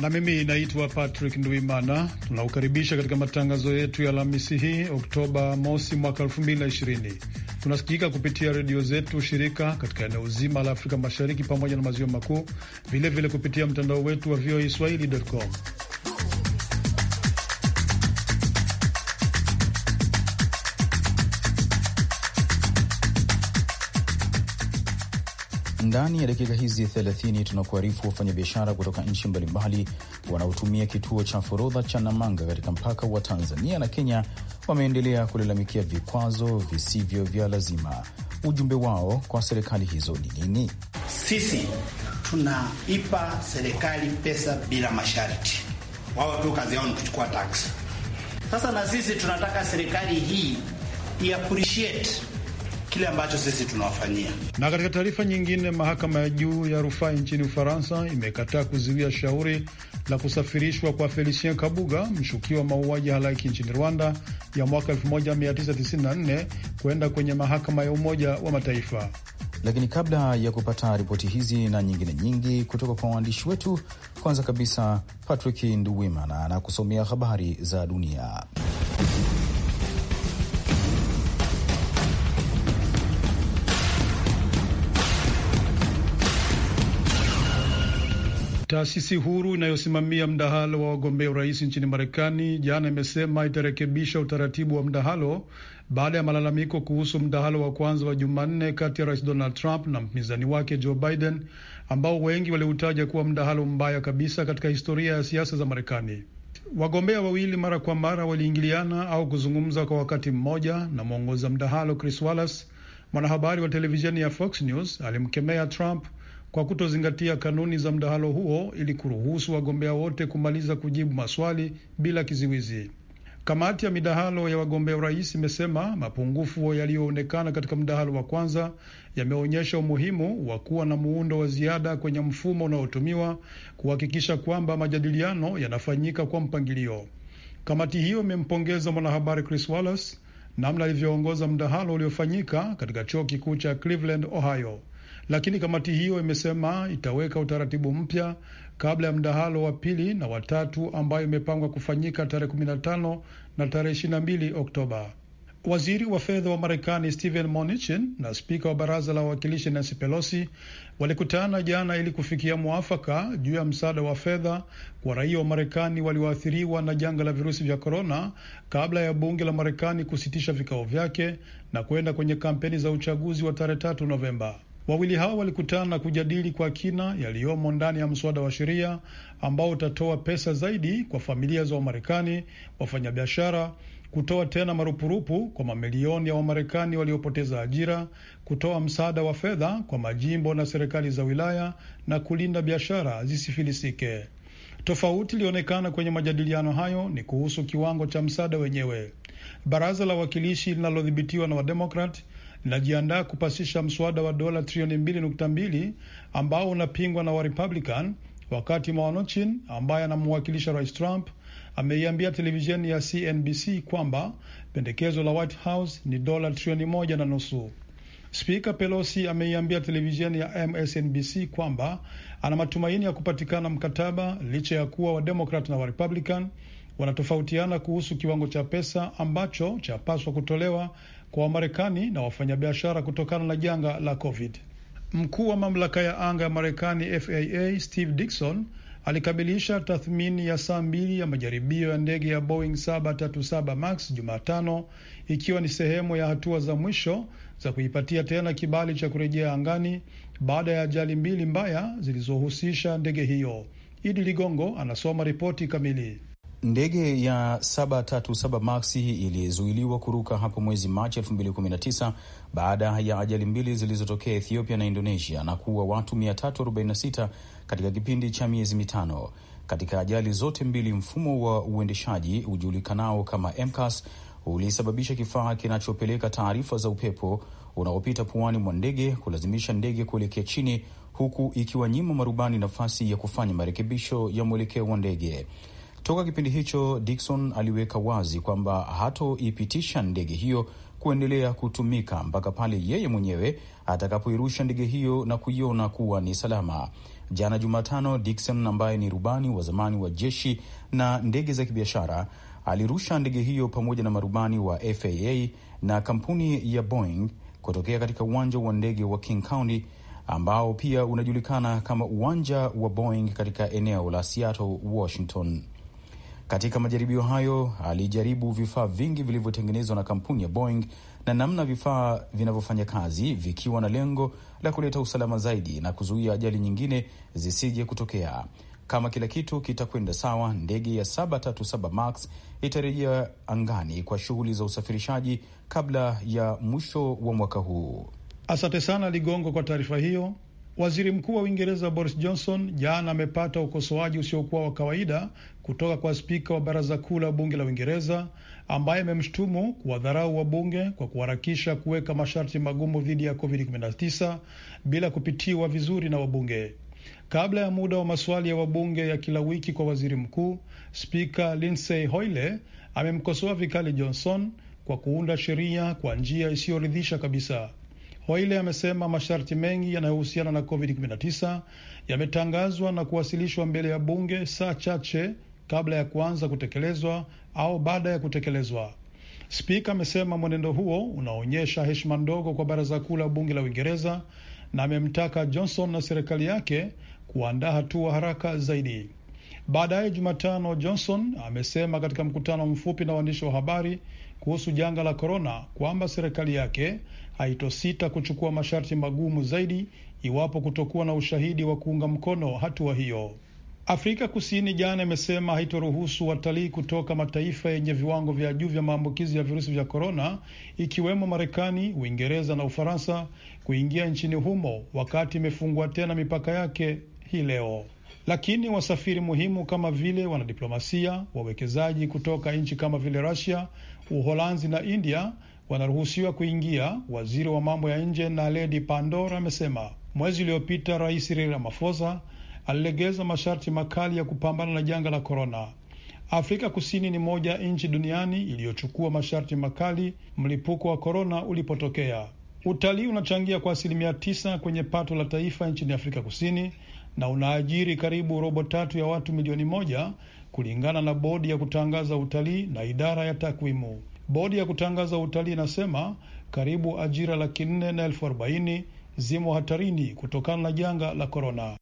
na mimi naitwa Patrick nduimana Tunakukaribisha katika matangazo yetu ya Alhamisi hii Oktoba mosi mwaka 220 Tunasikika kupitia redio zetu shirika katika eneo zima la Afrika Mashariki pamoja na maziwa makuu, vilevile kupitia mtandao wetu wa voa swahilicom Ndani ya dakika hizi 30 tunakuarifu wafanyabiashara kutoka nchi mbalimbali wanaotumia kituo cha forodha cha Namanga katika mpaka wa Tanzania na Kenya wameendelea kulalamikia vikwazo visivyo vya lazima. Ujumbe wao kwa serikali hizo ni nini? Sisi tunaipa serikali pesa bila masharti, wao tu kazi yao ni kuchukua taksi. Sasa na sisi tunataka serikali hii i appreciate kile ambacho sisi tunawafanyia. Na katika taarifa nyingine, mahakama ya juu ya rufaa nchini Ufaransa imekataa kuzuia shauri la kusafirishwa kwa Felicien Kabuga, mshukiwa mauaji halaiki nchini Rwanda ya mwaka 1994 kwenda kwenye mahakama ya Umoja wa Mataifa. Lakini kabla ya kupata ripoti hizi na nyingine nyingi kutoka kwa waandishi wetu, kwanza kabisa Patrick Nduwimana anakusomea habari za dunia. Taasisi huru inayosimamia mdahalo wa wagombea urais nchini Marekani jana imesema itarekebisha utaratibu wa mdahalo baada ya malalamiko kuhusu mdahalo wa kwanza wa Jumanne kati ya rais Donald Trump na mpinzani wake Joe Biden ambao wengi waliutaja kuwa mdahalo mbaya kabisa katika historia ya siasa za Marekani. Wagombea wawili mara kwa mara waliingiliana au kuzungumza kwa wakati mmoja, na mwongoza mdahalo Chris Wallace, mwanahabari wa televisheni ya Fox News, alimkemea Trump kwa kutozingatia kanuni za mdahalo huo ili kuruhusu wagombea wote kumaliza kujibu maswali bila kiziwizi. Kamati ya midahalo ya wagombea urais imesema mapungufu yaliyoonekana katika mdahalo wa kwanza yameonyesha umuhimu wa kuwa na muundo wa ziada kwenye mfumo unaotumiwa kuhakikisha kwamba majadiliano yanafanyika kwa mpangilio. Kamati hiyo imempongeza mwanahabari Chris Wallace namna alivyoongoza mdahalo uliofanyika katika chuo kikuu cha Cleveland, Ohio lakini kamati hiyo imesema itaweka utaratibu mpya kabla ya mdahalo wa pili na watatu ambayo imepangwa kufanyika tarehe 15 na tarehe 22 Oktoba. Waziri wa fedha wa Marekani Stephen Mnuchin na spika wa baraza la wawakilishi Nancy Pelosi walikutana jana ili kufikia mwafaka juu ya msaada wa fedha kwa raia wa Marekani walioathiriwa na janga la virusi vya korona kabla ya bunge la Marekani kusitisha vikao vyake na kwenda kwenye kampeni za uchaguzi wa tarehe tatu Novemba. Wawili hao walikutana na kujadili kwa kina yaliyomo ndani ya mswada wa sheria ambao utatoa pesa zaidi kwa familia za Wamarekani wafanyabiashara, kutoa tena marupurupu kwa mamilioni ya Wamarekani waliopoteza ajira, kutoa msaada wa fedha kwa majimbo na serikali za wilaya na kulinda biashara zisifilisike. Tofauti ilionekana kwenye majadiliano hayo ni kuhusu kiwango cha msaada wenyewe. Baraza la Wawakilishi linalodhibitiwa na Wademokrat linajiandaa kupasisha mswada wa dola trilioni mbili nukta mbili ambao unapingwa na Warepublican, wakati Mwanochin ambaye anamwakilisha Rais Trump ameiambia televisheni ya CNBC kwamba pendekezo la White House ni dola trilioni moja na nusu. Spika Pelosi ameiambia televisheni ya MSNBC kwamba ana matumaini ya kupatikana mkataba licha ya kuwa Wademokrat na Warepublican wanatofautiana kuhusu kiwango cha pesa ambacho chapaswa kutolewa kwa Wamarekani na wafanyabiashara kutokana na janga la COVID. Mkuu wa mamlaka ya anga ya Marekani FAA Steve Dickson alikamilisha tathmini ya saa mbili ya majaribio ya ndege ya Boeing 737 Max Jumatano, ikiwa ni sehemu ya hatua za mwisho za kuipatia tena kibali cha kurejea angani baada ya ajali mbili mbaya zilizohusisha ndege hiyo. Idi Ligongo anasoma ripoti kamili. Ndege ya 737 Max ilizuiliwa kuruka hapo mwezi Machi 2019 baada ya ajali mbili zilizotokea Ethiopia na Indonesia na kuua watu 346 katika kipindi cha miezi mitano. Katika ajali zote mbili, mfumo wa uendeshaji ujulikanao kama MCAS ulisababisha kifaa kinachopeleka taarifa za upepo unaopita puani mwa ndege kulazimisha ndege kuelekea chini, huku ikiwanyima marubani nafasi ya kufanya marekebisho ya mwelekeo wa ndege. Toka kipindi hicho, dikson aliweka wazi kwamba hatoipitisha ndege hiyo kuendelea kutumika mpaka pale yeye mwenyewe atakapoirusha ndege hiyo na kuiona kuwa ni salama. Jana Jumatano, dikson ambaye ni rubani wa zamani wa jeshi na ndege za kibiashara alirusha ndege hiyo pamoja na marubani wa FAA na kampuni ya Boeing kutokea katika uwanja wa ndege wa King County ambao pia unajulikana kama uwanja wa Boeing katika eneo la Seattle, Washington. Katika majaribio hayo alijaribu vifaa vingi vilivyotengenezwa na kampuni ya Boeing na namna vifaa vinavyofanya kazi, vikiwa na lengo la kuleta usalama zaidi na kuzuia ajali nyingine zisije kutokea. Kama kila kitu kitakwenda sawa, ndege ya 737 Max itarejea angani kwa shughuli za usafirishaji kabla ya mwisho wa mwaka huu. Asante sana Ligongo kwa taarifa hiyo. Waziri Mkuu wa Uingereza Boris Johnson jana amepata ukosoaji usiokuwa wa kawaida kutoka kwa spika wa baraza kuu la bunge la Uingereza ambaye amemshutumu kuwadharau wabunge kwa kuharakisha kuweka masharti magumu dhidi ya COVID-19 bila kupitiwa vizuri na wabunge. Kabla ya muda wa maswali ya wabunge ya kila wiki kwa waziri mkuu, spika lindsey Hoyle amemkosoa vikali Johnson kwa kuunda sheria kwa njia isiyoridhisha kabisa. Waile amesema masharti mengi yanayohusiana na COVID-19 yametangazwa na kuwasilishwa mbele ya bunge saa chache kabla ya kuanza kutekelezwa au baada ya kutekelezwa. Spika amesema mwenendo huo unaonyesha heshima ndogo kwa baraza kuu la bunge la Uingereza na amemtaka Johnson na serikali yake kuandaa hatua haraka zaidi. Baadaye Jumatano, Johnson amesema katika mkutano mfupi na waandishi wa habari kuhusu janga la korona kwamba serikali yake haitosita kuchukua masharti magumu zaidi iwapo kutokuwa na ushahidi wa kuunga mkono hatua hiyo. Afrika Kusini jana imesema haitoruhusu watalii kutoka mataifa yenye viwango vya juu vya maambukizi ya virusi vya korona ikiwemo Marekani, Uingereza na Ufaransa kuingia nchini humo wakati imefungua tena mipaka yake hii leo. Lakini wasafiri muhimu kama vile wanadiplomasia, wawekezaji kutoka nchi kama vile Russia, Uholanzi na India wanaruhusiwa kuingia. Waziri wa mambo ya nje Naledi Pandor amesema mwezi uliopita Rais Cyril Ramaphosa alilegeza masharti makali ya kupambana na janga la korona. Afrika Kusini ni moja ya nchi duniani iliyochukua masharti makali mlipuko wa korona ulipotokea. Utalii unachangia kwa asilimia tisa kwenye pato la taifa nchini Afrika Kusini na unaajiri karibu robo tatu ya watu milioni moja kulingana na bodi ya kutangaza utalii na idara ya takwimu. Bodi ya kutangaza utalii inasema karibu ajira laki nne na elfu arobaini zimo hatarini kutokana na janga la korona.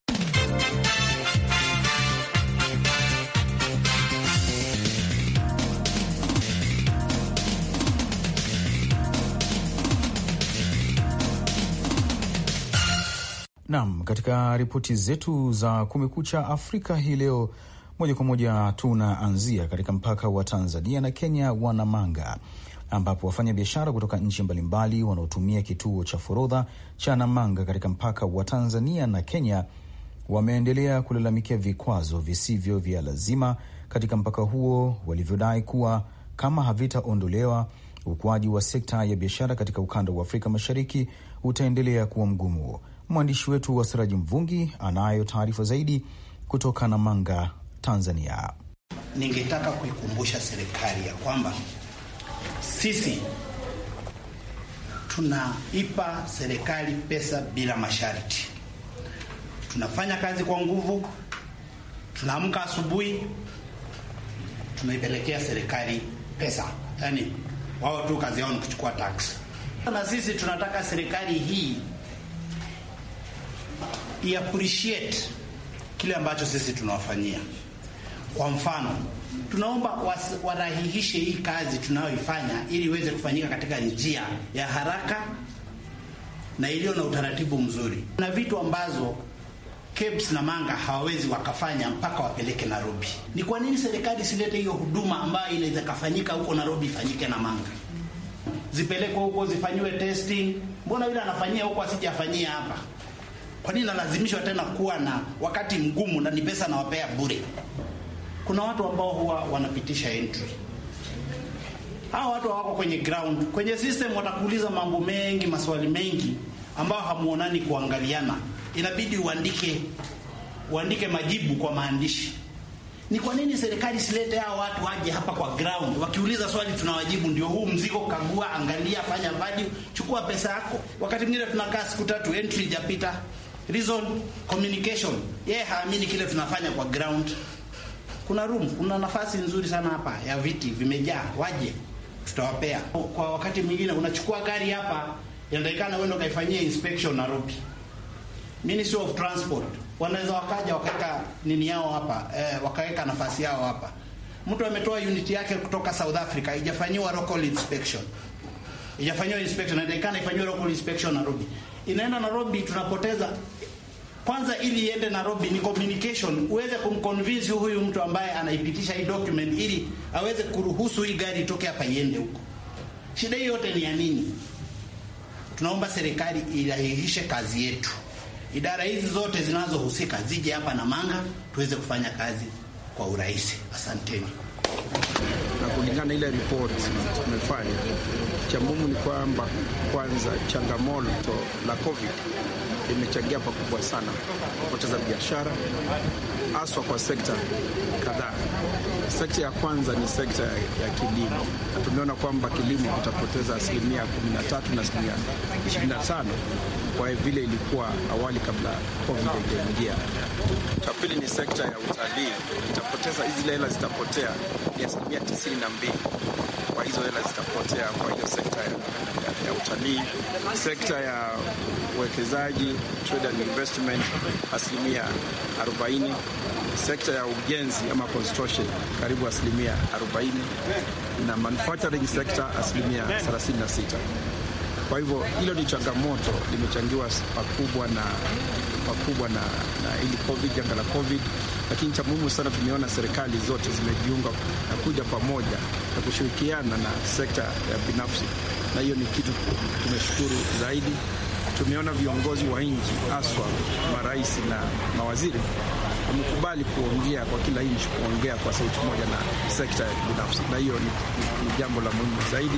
Nam, katika ripoti zetu za Kumekucha Afrika hii leo moja kwa moja tunaanzia katika mpaka wa Tanzania na Kenya wa Namanga, ambapo wafanyabiashara kutoka nchi mbalimbali wanaotumia kituo cha forodha cha Namanga katika mpaka wa Tanzania na Kenya wameendelea kulalamikia vikwazo visivyo vya lazima katika mpaka huo walivyodai kuwa kama havitaondolewa ukuaji wa sekta ya biashara katika ukanda wa Afrika Mashariki utaendelea kuwa mgumu. Mwandishi wetu wa Siraji Mvungi anayo taarifa zaidi kutoka Namanga Tanzania. Ningetaka kuikumbusha serikali ya kwamba sisi tunaipa serikali pesa bila masharti. Tunafanya kazi kwa nguvu, tunaamka asubuhi, tunaipelekea serikali pesa, yaani wao tu kazi yao ni kuchukua tax. Na sisi tunataka serikali hii i appreciate kile ambacho sisi tunawafanyia. Kwa mfano, tunaomba warahihishe hii kazi tunayoifanya ili iweze kufanyika katika njia ya haraka na iliyo na utaratibu mzuri. Kuna vitu ambazo KEBS na Manga hawawezi wakafanya mpaka wapeleke Nairobi. Ni kwa nini serikali silete hiyo huduma ambayo inaweza kafanyika huko Nairobi ifanyike na Manga? Zipelekwe huko zifanyiwe testing. Mbona yule anafanyia huko asijafanyia hapa? Kwa nini nalazimishwa tena kuwa na wakati mgumu na ni pesa nawapea bure? kuna watu ambao huwa wanapitisha entry. Hawa watu hawako kwenye ground, kwenye system, watakuuliza mambo mengi, maswali mengi ambayo hamuonani kuangaliana. Inabidi uandike uandike majibu kwa maandishi. Ni kwa nini serikali silete hao watu waje hapa kwa ground, wakiuliza swali tunawajibu? Ndio huu mzigo, kagua, angalia, fanya badi, chukua pesa yako. Wakati mwingine tunakaa siku tatu, entry ijapita. Reason, communication. Yeye haamini kile tunafanya kwa ground kuna room, kuna nafasi nzuri sana hapa ya viti vimejaa, waje tutawapea. Kwa wakati mwingine unachukua gari hapa, inatakikana uende ukaifanyia inspection Nairobi. Ministry of Transport wanaweza wakaja wakaweka nini yao hapa eh, wakaweka nafasi yao hapa. Mtu ametoa unit yake kutoka South Africa haijafanyiwa local inspection, haijafanyiwa inspection, inatakikana ifanyiwe local inspection Nairobi, inaenda Nairobi, tunapoteza kwanza, ili iende Nairobi ni communication, uweze kumconvince huyu mtu ambaye anaipitisha hii document ili aweze kuruhusu hii gari itoke hapa iende huko. Shida hii yote ni ya nini? Tunaomba serikali irahihishe kazi yetu, idara hizi zote zinazohusika zije hapa Namanga tuweze kufanya kazi kwa urahisi. Asanteni. Na kulingana ile report tumefanya, chambumu ni kwamba kwanza changamoto la COVID limechangia pakubwa sana kupoteza biashara haswa kwa sekta kadhaa. Sekta ya kwanza ni sekta ya kilimo, na tumeona kwamba kilimo kitapoteza asilimia 13 na asilimia 25 kwa vile ilikuwa awali kabla COVID ijaingia. Cha pili ni sekta ya utalii, itapoteza hizi hela zitapotea ni asilimia 92 hizo hela zitapotea. Kwa hiyo sekta ya, ya utalii, sekta ya uwekezaji trade and investment asilimia 40, sekta ya ujenzi ama construction karibu asilimia 40, na manufacturing sekta asilimia 36. Kwa hivyo hilo ni changamoto, limechangiwa pakubwa na pakubwa na, na ili COVID, janga la COVID, lakini cha muhimu sana tumeona serikali zote zimejiunga na kuja pamoja na kushirikiana na sekta ya binafsi, na hiyo ni kitu tumeshukuru zaidi. Tumeona viongozi wa nchi haswa marais na mawaziri wamekubali kuongea kwa kila nchi, kuongea kwa sauti moja na sekta ya binafsi, na hiyo ni, ni jambo la muhimu zaidi,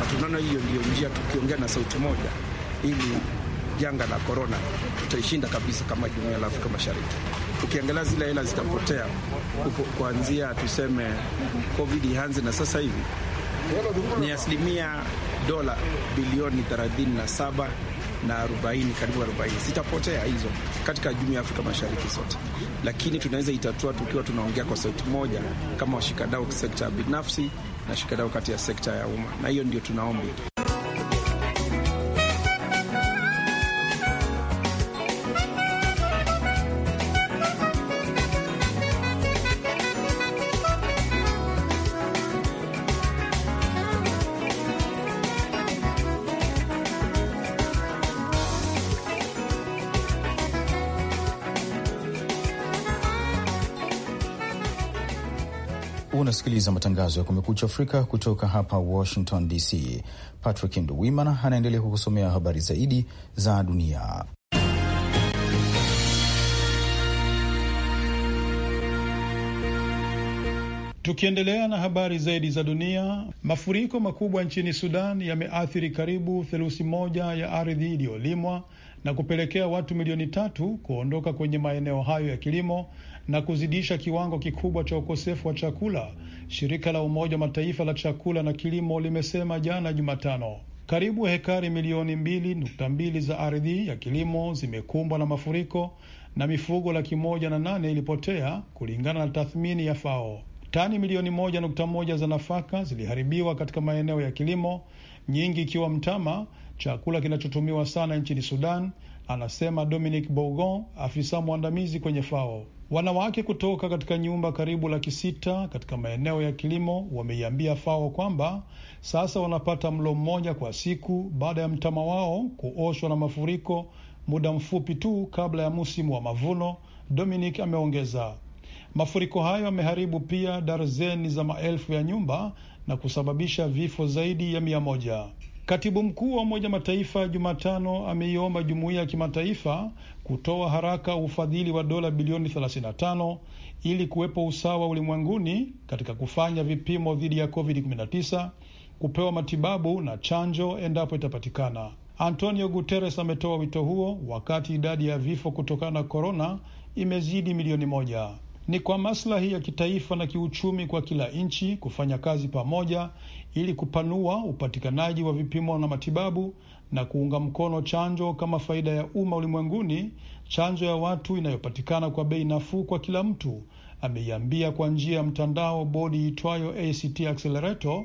na tunaona hiyo ndiyo njia, tukiongea na sauti moja ili janga la korona, tutaishinda kabisa kama jumuiya la Afrika Mashariki. Ukiangalia zile hela zitapotea kuanzia tuseme covid ianze na sasa hivi ni asilimia dola bilioni 37 na 40 karibu 40 zitapotea hizo katika jumuiya ya Afrika Mashariki zote, lakini tunaweza itatua tukiwa tunaongea kwa sauti moja kama washikadau sekta ya binafsi na shikadao kati ya sekta ya umma, na hiyo ndio tunaomba. unasikiliza matangazo ya Kumekucha Afrika kutoka hapa Washington DC. Patrick Nduwimana anaendelea kukusomea habari zaidi za dunia. Tukiendelea na habari zaidi za dunia, mafuriko makubwa nchini Sudan yameathiri karibu theluthi moja ya ardhi iliyolimwa na kupelekea watu milioni tatu kuondoka kwenye maeneo hayo ya kilimo na kuzidisha kiwango kikubwa cha ukosefu wa chakula, shirika la Umoja wa Mataifa la chakula na kilimo limesema jana Jumatano. Karibu hekari milioni mbili nukta mbili za ardhi ya kilimo zimekumbwa na mafuriko na mifugo laki moja na nane ilipotea kulingana na tathmini ya FAO. Tani milioni moja nukta moja za nafaka ziliharibiwa katika maeneo ya kilimo, nyingi ikiwa mtama, chakula kinachotumiwa sana nchini Sudan anasema Dominic Bourgon, afisa mwandamizi kwenye FAO. Wanawake kutoka katika nyumba karibu laki sita katika maeneo ya kilimo wameiambia FAO kwamba sasa wanapata mlo mmoja kwa siku baada ya mtama wao kuoshwa na mafuriko muda mfupi tu kabla ya msimu wa mavuno. Dominic ameongeza, mafuriko hayo yameharibu pia darzeni za maelfu ya nyumba na kusababisha vifo zaidi ya mia moja. Katibu mkuu wa Umoja Mataifa Jumatano ameiomba jumuiya ya kimataifa kutoa haraka ufadhili wa dola bilioni 35 ili kuwepo usawa ulimwenguni katika kufanya vipimo dhidi ya COVID-19, kupewa matibabu na chanjo endapo itapatikana. Antonio Guterres ametoa wito huo wakati idadi ya vifo kutokana na korona imezidi milioni moja. Ni kwa maslahi ya kitaifa na kiuchumi kwa kila nchi kufanya kazi pamoja ili kupanua upatikanaji wa vipimo na matibabu na kuunga mkono chanjo kama faida ya umma ulimwenguni, chanjo ya watu inayopatikana kwa bei nafuu kwa kila mtu, ameiambia kwa njia ya mtandao bodi itwayo ACT Accelerator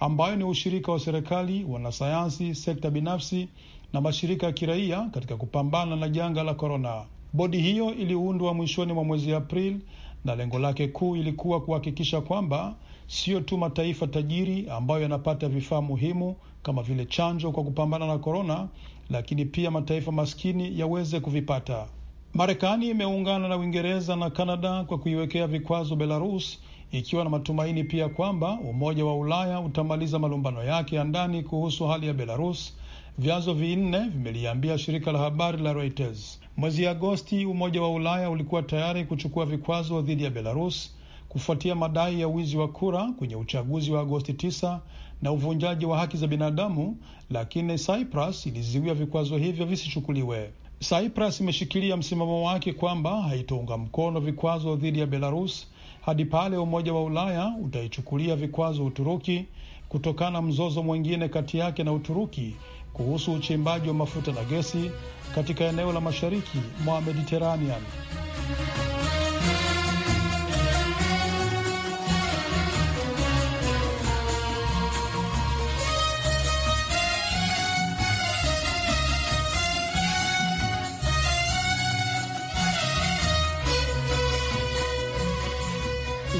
ambayo ni ushirika wa serikali, wanasayansi, sekta binafsi na mashirika ya kiraia katika kupambana na janga la korona. Bodi hiyo iliundwa mwishoni mwa mwezi Aprili na lengo lake kuu ilikuwa kuhakikisha kwamba sio tu mataifa tajiri ambayo yanapata vifaa muhimu kama vile chanjo kwa kupambana na korona, lakini pia mataifa maskini yaweze kuvipata. Marekani imeungana na Uingereza na Kanada kwa kuiwekea vikwazo Belarus, ikiwa na matumaini pia kwamba Umoja wa Ulaya utamaliza malumbano yake ya ndani kuhusu hali ya Belarus, vyanzo vinne vimeliambia shirika la habari la Reuters. Mwezi Agosti, Umoja wa Ulaya ulikuwa tayari kuchukua vikwazo dhidi ya Belarus kufuatia madai ya wizi wa kura kwenye uchaguzi wa Agosti 9 na uvunjaji wa haki za binadamu, lakini Cyprus iliziwia vikwazo hivyo visichukuliwe. Cyprus imeshikilia msimamo wake kwamba haitounga mkono vikwazo dhidi ya Belarus hadi pale Umoja wa Ulaya utaichukulia vikwazo Uturuki kutokana na mzozo mwingine kati yake na Uturuki kuhusu uchimbaji wa mafuta na gesi katika eneo la mashariki mwa Mediteranean.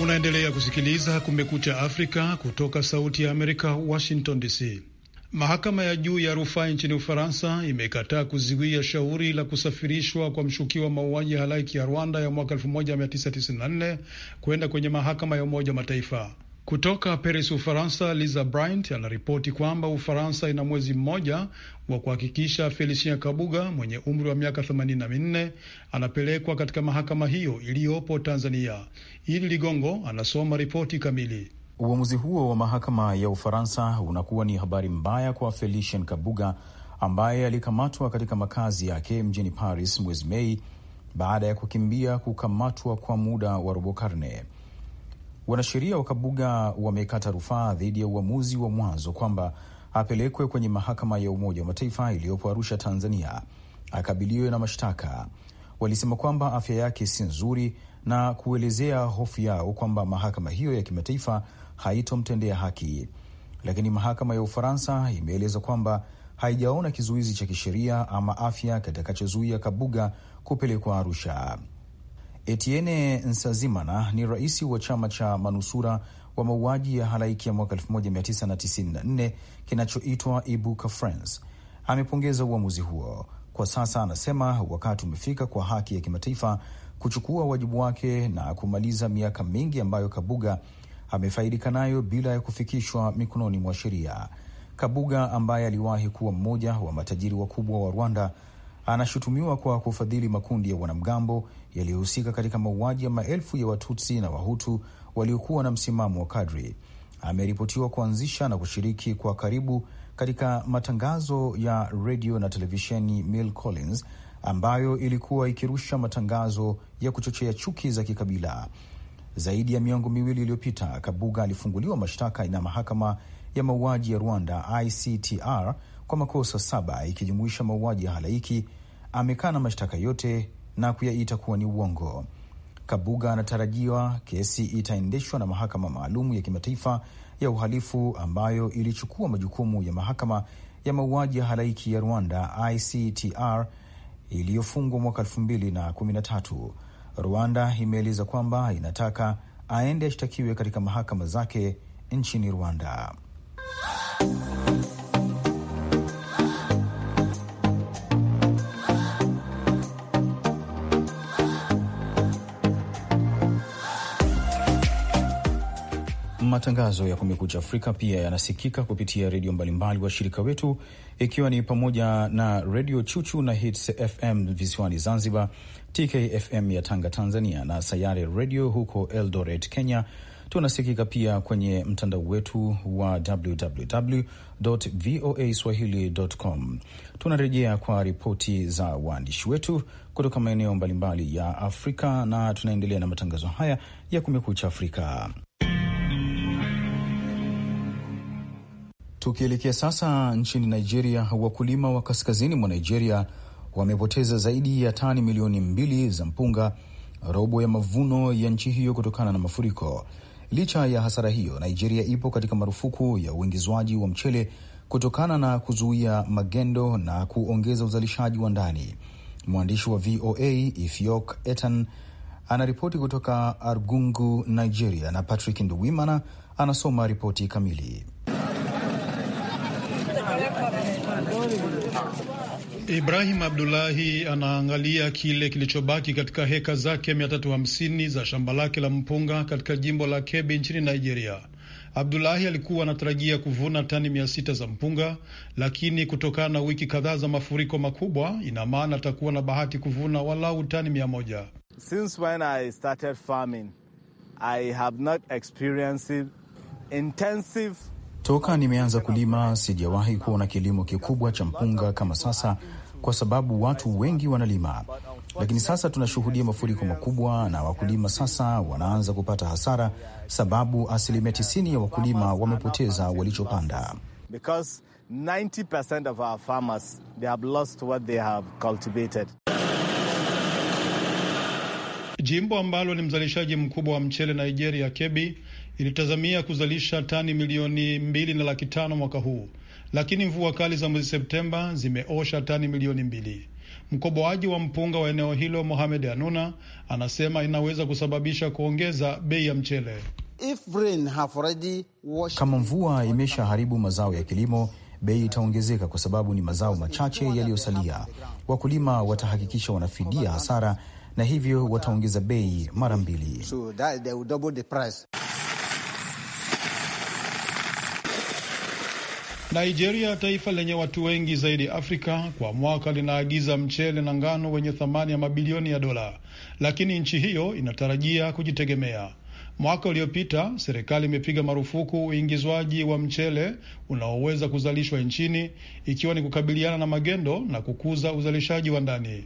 Unaendelea kusikiliza Kumekucha Afrika kutoka Sauti ya Amerika, Washington DC. Mahakama ya juu ya rufaa nchini Ufaransa imekataa kuziwia shauri la kusafirishwa kwa mshukiwa mauaji halaiki ya Rwanda ya mwaka 1994 kwenda kwenye mahakama ya Umoja wa Mataifa. Kutoka Paris, Ufaransa, Lisa Bryant anaripoti kwamba Ufaransa ina mwezi mmoja wa kuhakikisha Felicien Kabuga mwenye umri wa miaka 84 anapelekwa katika mahakama hiyo iliyopo Tanzania. Idi Ligongo anasoma ripoti kamili. Uamuzi huo wa mahakama ya Ufaransa unakuwa ni habari mbaya kwa Felician Kabuga ambaye alikamatwa katika makazi yake mjini Paris mwezi Mei baada ya kukimbia kukamatwa kwa muda wa robo karne. Wanasheria wa Kabuga wamekata rufaa dhidi ya uamuzi wa mwanzo kwamba apelekwe kwenye mahakama ya Umoja wa Mataifa iliyopo Arusha, Tanzania, akabiliwe na mashtaka. Walisema kwamba afya yake si nzuri na kuelezea hofu yao kwamba mahakama hiyo ya kimataifa haitomtendea haki, lakini mahakama ya Ufaransa imeeleza kwamba haijaona kizuizi cha kisheria ama afya kitakachozuia Kabuga kupelekwa Arusha. Etienne Nsazimana ni rais wa chama cha manusura wa mauaji ya halaiki ya mwaka 1994 kinachoitwa Ibuka France. Amepongeza uamuzi huo. Kwa sasa anasema wakati umefika kwa haki ya kimataifa kuchukua wajibu wake na kumaliza miaka mingi ambayo Kabuga amefaidika nayo bila ya kufikishwa mikononi mwa sheria. Kabuga ambaye aliwahi kuwa mmoja wa matajiri wakubwa wa Rwanda anashutumiwa kwa kufadhili makundi ya wanamgambo yaliyohusika katika mauaji ya maelfu ya Watutsi na Wahutu waliokuwa na msimamo wa kadri. Ameripotiwa kuanzisha na kushiriki kwa karibu katika matangazo ya redio na televisheni Mill Collins ambayo ilikuwa ikirusha matangazo ya kuchochea chuki za kikabila. Zaidi ya miongo miwili iliyopita, Kabuga alifunguliwa mashtaka na mahakama ya mauaji ya Rwanda ICTR kwa makosa saba ikijumuisha mauaji ya halaiki. Amekana mashtaka yote na kuyaita kuwa ni uongo. Kabuga anatarajiwa kesi itaendeshwa na mahakama maalum ya kimataifa ya uhalifu ambayo ilichukua majukumu ya mahakama ya mauaji ya halaiki ya Rwanda ICTR iliyofungwa mwaka elfu mbili na kumi na tatu. Rwanda imeeleza kwamba inataka aende ashtakiwe katika mahakama zake nchini Rwanda. matangazo ya Kumekucha Afrika pia yanasikika kupitia redio mbalimbali washirika wetu, ikiwa ni pamoja na Redio Chuchu na Hits FM visiwani Zanzibar, TKFM ya Tanga, Tanzania, na Sayare Redio huko Eldoret, Kenya. Tunasikika pia kwenye mtandao wetu wa www voa swahilicom Tunarejea kwa ripoti za waandishi wetu kutoka maeneo mbalimbali ya Afrika na tunaendelea na matangazo haya ya Kumekucha Afrika. Tukielekea sasa nchini Nigeria, wakulima wa kaskazini mwa Nigeria wamepoteza zaidi ya tani milioni mbili za mpunga, robo ya mavuno ya nchi hiyo kutokana na mafuriko. Licha ya hasara hiyo, Nigeria ipo katika marufuku ya uingizwaji wa mchele kutokana na kuzuia magendo na kuongeza uzalishaji wa ndani. Mwandishi wa VOA Ifiok Etan anaripoti kutoka Argungu, Nigeria, na Patrick Nduwimana anasoma ripoti kamili. Ibrahim Abdulahi anaangalia kile kilichobaki katika heka zake 350 za shamba lake la mpunga katika jimbo la Kebbi nchini Nigeria. Abdulahi alikuwa anatarajia kuvuna tani 6 za mpunga, lakini kutokana na wiki kadhaa za mafuriko makubwa, ina maana atakuwa na bahati kuvuna walau tani 1 intensive Toka nimeanza kulima sijawahi kuona kilimo kikubwa cha mpunga kama sasa, kwa sababu watu wengi wanalima, lakini sasa tunashuhudia mafuriko makubwa na wakulima sasa wanaanza kupata hasara, sababu asilimia tisini ya wakulima wamepoteza walichopanda. Jimbo ambalo ni mzalishaji mkubwa wa mchele Nigeria, Kebbi ilitazamia kuzalisha tani milioni mbili na laki tano mwaka huu, lakini mvua kali za mwezi Septemba zimeosha tani milioni mbili. Mkoboaji wa mpunga wa eneo hilo Mohamed Anuna anasema inaweza kusababisha kuongeza bei ya mchele. If rain have already washed... kama mvua imeshaharibu mazao ya kilimo, bei itaongezeka kwa sababu ni mazao machache yaliyosalia. Wakulima watahakikisha wanafidia hasara na hivyo wataongeza bei mara mbili. So Nigeria, taifa lenye watu wengi zaidi Afrika, kwa mwaka linaagiza mchele na ngano wenye thamani ya mabilioni ya dola, lakini nchi hiyo inatarajia kujitegemea. Mwaka uliopita serikali imepiga marufuku uingizwaji wa mchele unaoweza kuzalishwa nchini, ikiwa ni kukabiliana na magendo na kukuza uzalishaji wa ndani.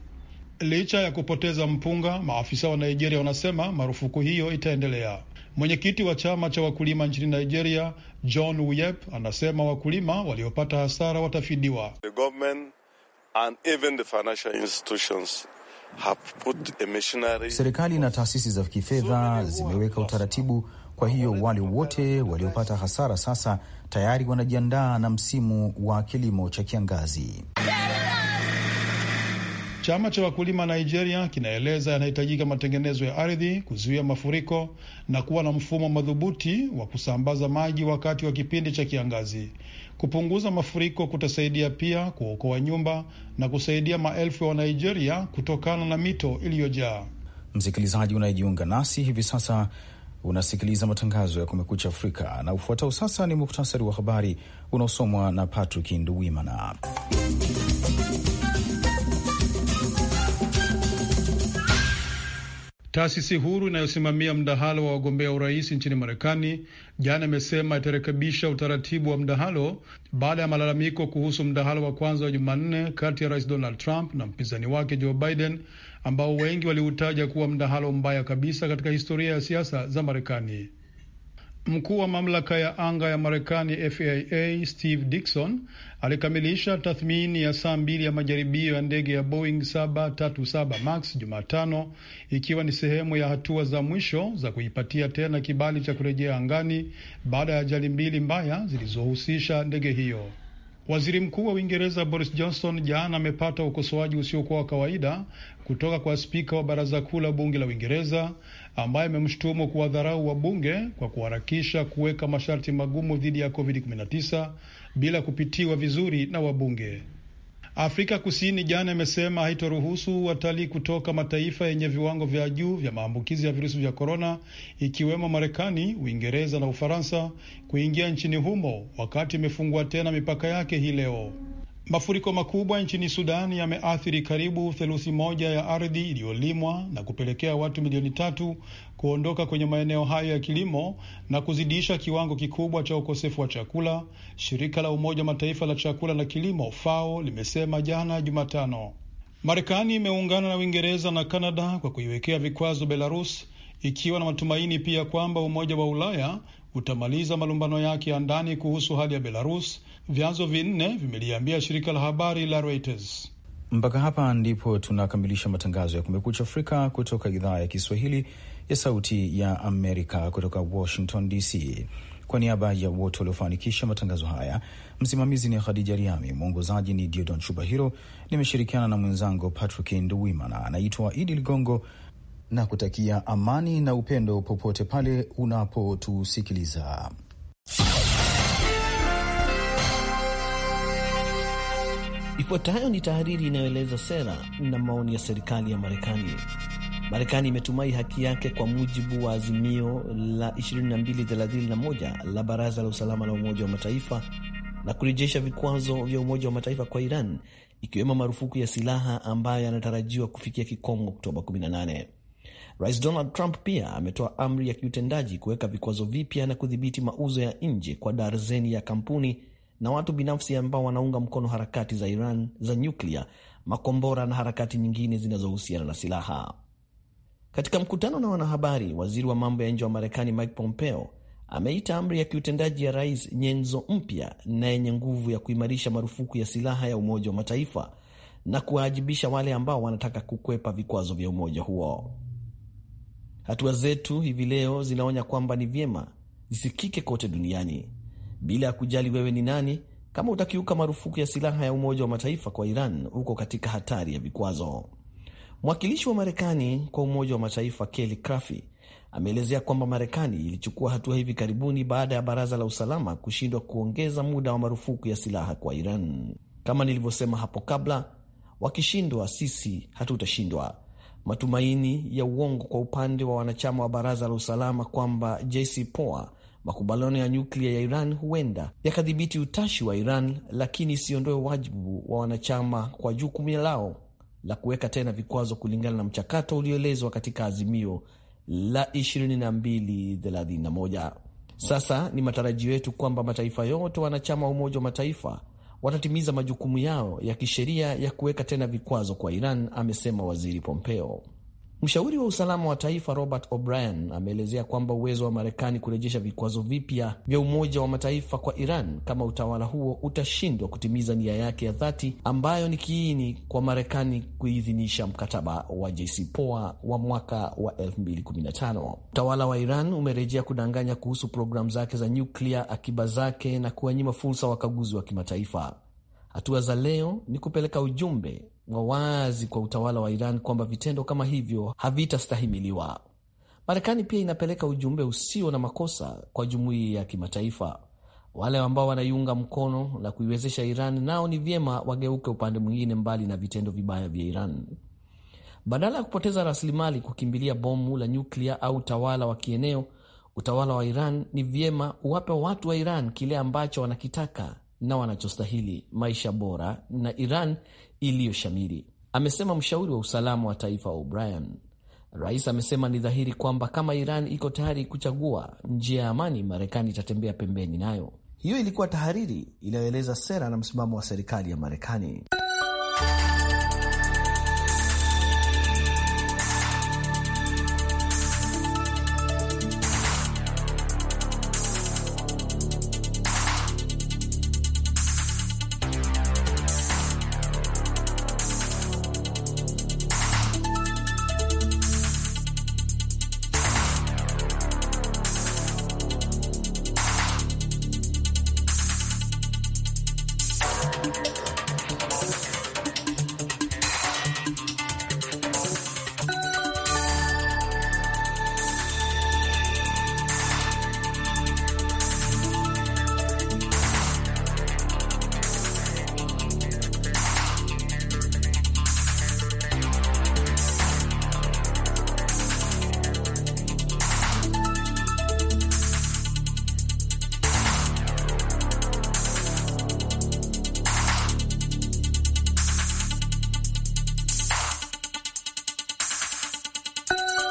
Licha ya kupoteza mpunga, maafisa wa Nigeria wanasema marufuku hiyo itaendelea. Mwenyekiti wa chama cha wakulima nchini Nigeria, John Uyep, anasema wakulima waliopata hasara watafidiwa. The government and even the financial institutions have put a missionary... serikali na taasisi za kifedha zimeweka utaratibu, kwa hiyo wale wote waliopata hasara sasa tayari wanajiandaa na msimu wa kilimo cha kiangazi. Chama cha wakulima Nigeria kinaeleza yanahitajika matengenezo ya ardhi kuzuia mafuriko na kuwa na mfumo madhubuti wa kusambaza maji wakati wa kipindi cha kiangazi. Kupunguza mafuriko kutasaidia pia kuokoa nyumba na kusaidia maelfu ya wa Wanigeria kutokana na mito iliyojaa. Msikilizaji unayejiunga nasi hivi sasa unasikiliza matangazo ya Kumekucha Afrika, na ufuatao sasa ni muhtasari wa habari unaosomwa na Patrick Nduwimana. Taasisi huru inayosimamia mdahalo wa wagombea urais nchini Marekani jana imesema itarekebisha utaratibu wa mdahalo baada ya malalamiko kuhusu mdahalo wa kwanza wa Jumanne kati ya Rais Donald Trump na mpinzani wake Joe Biden ambao wengi waliutaja kuwa mdahalo mbaya kabisa katika historia ya siasa za Marekani. Mkuu wa mamlaka ya anga ya Marekani FAA Steve Dixon alikamilisha tathmini ya saa mbili ya majaribio ya ndege ya Boeing 737 Max Jumatano, ikiwa ni sehemu ya hatua za mwisho za kuipatia tena kibali cha kurejea angani baada ya ajali mbili mbaya zilizohusisha ndege hiyo. Waziri Mkuu wa Uingereza Boris Johnson jana amepata ukosoaji usiokuwa wa kawaida kutoka kwa spika wa baraza kuu la bunge la Uingereza ambaye amemshutumu kuwadharau wabunge kwa kuharakisha kuweka masharti magumu dhidi ya COVID-19 bila kupitiwa vizuri na wabunge. Afrika Kusini jana imesema haitoruhusu watalii kutoka mataifa yenye viwango vya juu vya maambukizi ya virusi vya korona ikiwemo Marekani, Uingereza na Ufaransa kuingia nchini humo wakati imefungua tena mipaka yake hii leo. Mafuriko makubwa nchini Sudan yameathiri karibu theluthi moja ya ardhi iliyolimwa na kupelekea watu milioni tatu kuondoka kwenye maeneo hayo ya kilimo na kuzidisha kiwango kikubwa cha ukosefu wa chakula, shirika la Umoja Mataifa la chakula na kilimo FAO limesema jana Jumatano. Marekani imeungana na Uingereza na Kanada kwa kuiwekea vikwazo Belarus ikiwa na matumaini pia kwamba Umoja wa Ulaya utamaliza malumbano yake ya ndani kuhusu hali ya Belarus, vyanzo vinne vimeliambia shirika la habari la Reuters. Mpaka hapa ndipo tunakamilisha matangazo ya Kumekucha Afrika kutoka idhaa ya Kiswahili ya Sauti ya Amerika kutoka Washington DC. Kwa niaba ya wote waliofanikisha matangazo haya, msimamizi ni Khadija Riami, mwongozaji ni Diodon Chubahiro, nimeshirikiana na mwenzangu Patrick Nduwimana. Anaitwa Idi Ligongo na kutakia amani na upendo popote pale unapotusikiliza. Ifuatayo ni tahariri inayoeleza sera na maoni ya serikali ya Marekani. Marekani imetumai haki yake kwa mujibu wa azimio la 2231 la Baraza la Usalama la Umoja wa Mataifa na kurejesha vikwazo vya Umoja wa Mataifa kwa Iran, ikiwemo marufuku ya silaha ambayo yanatarajiwa kufikia kikomo Oktoba 18. Rais Donald Trump pia ametoa amri ya kiutendaji kuweka vikwazo vipya na kudhibiti mauzo ya nje kwa darzeni ya kampuni na watu binafsi ambao wanaunga mkono harakati za Iran za nyuklia, makombora na harakati nyingine zinazohusiana na silaha. Katika mkutano na wanahabari, waziri wa mambo ya nje wa Marekani Mike Pompeo ameita amri ya kiutendaji ya rais nyenzo mpya na yenye nguvu ya kuimarisha marufuku ya silaha ya Umoja wa Mataifa na kuwaajibisha wale ambao wanataka kukwepa vikwazo vya umoja huo. Hatua zetu hivi leo zinaonya kwamba ni vyema zisikike kote duniani bila ya kujali wewe ni nani, kama utakiuka marufuku ya silaha ya Umoja wa Mataifa kwa Iran, uko katika hatari ya vikwazo. Mwakilishi wa Marekani kwa Umoja wa Mataifa Kelly Craft ameelezea kwamba Marekani ilichukua hatua hivi karibuni baada ya Baraza la Usalama kushindwa kuongeza muda wa marufuku ya silaha kwa Iran. Kama nilivyosema hapo kabla, wakishindwa, sisi hatutashindwa matumaini ya uongo kwa upande wa wanachama wa Baraza la Usalama kwamba JCPOA makubaliano ya nyuklia ya Iran huenda yakadhibiti utashi wa Iran, lakini isiondoe wajibu wa wanachama kwa jukumu lao la kuweka tena vikwazo kulingana na mchakato ulioelezwa katika azimio la 2231. Sasa ni matarajio yetu kwamba mataifa yote wanachama wa Umoja wa Mataifa watatimiza majukumu yao ya kisheria ya kuweka tena vikwazo kwa Iran, amesema Waziri Pompeo. Mshauri wa usalama wa taifa Robert O'Brien ameelezea kwamba uwezo wa Marekani kurejesha vikwazo vipya vya Umoja wa Mataifa kwa Iran kama utawala huo utashindwa kutimiza nia yake ya dhati ambayo ni kiini kwa Marekani kuidhinisha mkataba wa JCPOA wa mwaka wa 2015. Utawala wa Iran umerejea kudanganya kuhusu programu zake za nyuklia, akiba zake na kuwanyima fursa wakaguzi wa kimataifa. Hatua za leo ni kupeleka ujumbe wa wazi kwa utawala wa Iran kwamba vitendo kama hivyo havitastahimiliwa. Marekani pia inapeleka ujumbe usio na makosa kwa jumuiya ya kimataifa. Wale ambao wanaiunga mkono na kuiwezesha Iran nao ni vyema wageuke upande mwingine, mbali na vitendo vibaya vya Iran. Badala ya kupoteza rasilimali kukimbilia bomu la nyuklia au utawala wa kieneo, utawala wa Iran ni vyema uwape watu wa Iran kile ambacho wanakitaka na wanachostahili, maisha bora na Iran iliyoshamiri, amesema mshauri wa usalama wa taifa O'Brien. Rais amesema ni dhahiri kwamba kama Iran iko tayari kuchagua njia ya amani, Marekani itatembea pembeni nayo. Hiyo ilikuwa tahariri inayoeleza sera na msimamo wa serikali ya Marekani.